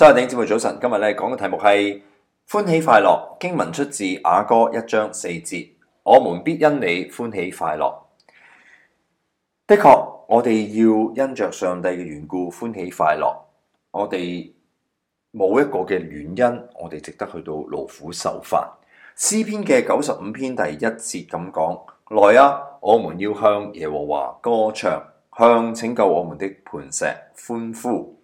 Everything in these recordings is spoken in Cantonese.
山頂姐妹早晨，今日咧講嘅題目係歡喜快樂。經文出自雅歌一章四節，我們必因你歡喜快樂。的確，我哋要因着上帝嘅緣故歡喜快樂。我哋冇一個嘅原因，我哋值得去到勞苦受乏。詩篇嘅九十五篇第一節咁講：來啊，我們要向耶和華歌唱，向拯救我們的磐石歡呼。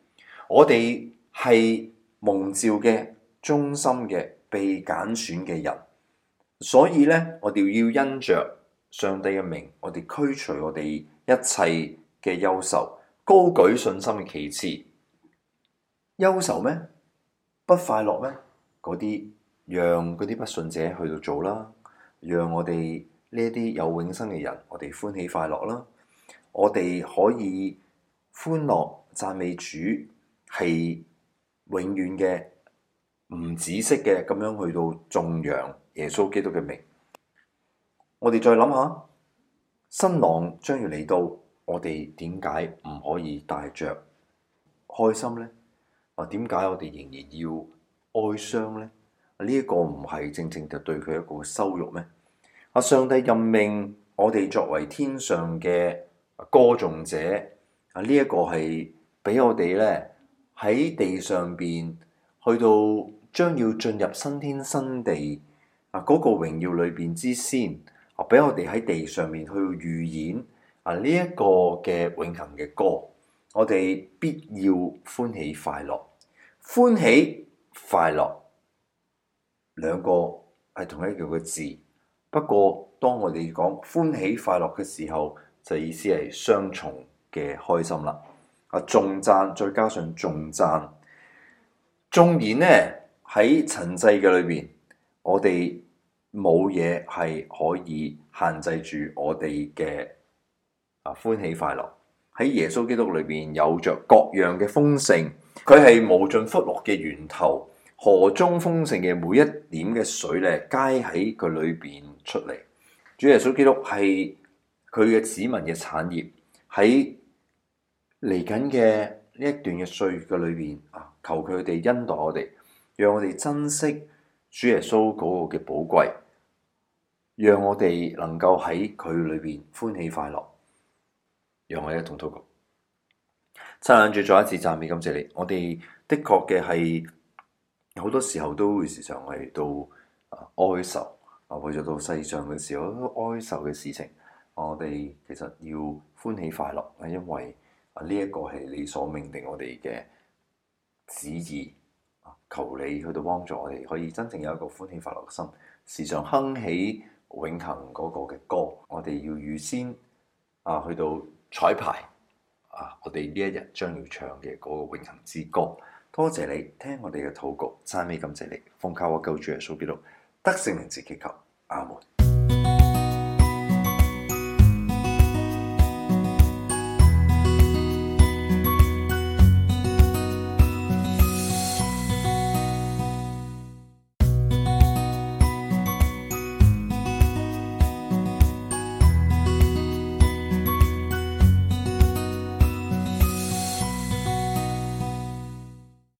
我哋。係蒙召嘅、忠心嘅、被揀選嘅人，所以咧，我哋要因着上帝嘅名，我哋驅除我哋一切嘅憂愁，高舉信心嘅旗幟。憂愁咩？不快樂咩？嗰啲讓嗰啲不信者去到做啦，讓我哋呢啲有永生嘅人，我哋歡喜快樂啦。我哋可以歡樂讚美主係永遠嘅唔止息嘅咁樣去到頌揚耶穌基督嘅名，我哋再諗下，新郎將要嚟到，我哋點解唔可以帶着開心呢？啊，點解我哋仍然要哀傷呢？呢、啊、一個唔係正正就對佢一個羞辱咩？啊，上帝任命我哋作為天上嘅歌頌者，啊、這個、呢一個係俾我哋咧。喺地上邊去到將要進入新天新地啊，嗰個榮耀裏邊之先啊，俾我哋喺地上面去預演啊，呢一個嘅永恆嘅歌，我哋必要歡喜快樂。歡喜快樂兩個係同一樣嘅字，不過當我哋講歡喜快樂嘅時候，就意思係雙重嘅開心啦。啊！重讚，再加上重讚。縱然呢，喺塵世嘅裏邊，我哋冇嘢係可以限制住我哋嘅啊歡喜快樂。喺耶穌基督裏邊有着各樣嘅豐盛，佢係無盡福樂嘅源頭。河中豐盛嘅每一點嘅水咧，皆喺佢裏邊出嚟。主耶穌基督係佢嘅子民嘅產業喺。嚟緊嘅呢一段嘅歲月嘅裏邊啊，求佢哋恩待我哋，讓我哋珍惜主耶穌嗰個嘅寶貴，讓我哋能夠喺佢裏邊歡喜快樂。讓我哋一同禱告，親眼住再一次讚美感謝你。我哋的確嘅係好多時候都會時常係到哀愁啊，或者到世上嘅時候都哀愁嘅事情，我哋其實要歡喜快樂，係因為。啊，呢一個係你所命定我哋嘅旨意啊，求你去到幫助我哋，可以真正有一個歡喜快樂嘅心，時常哼起永恆嗰個嘅歌。我哋要預先啊，去到彩排啊，我哋呢一日將要唱嘅嗰個永恆之歌。多謝你聽我哋嘅禱告。讚美感謝你，奉靠我救主耶穌基督，得勝名字祈求，阿門。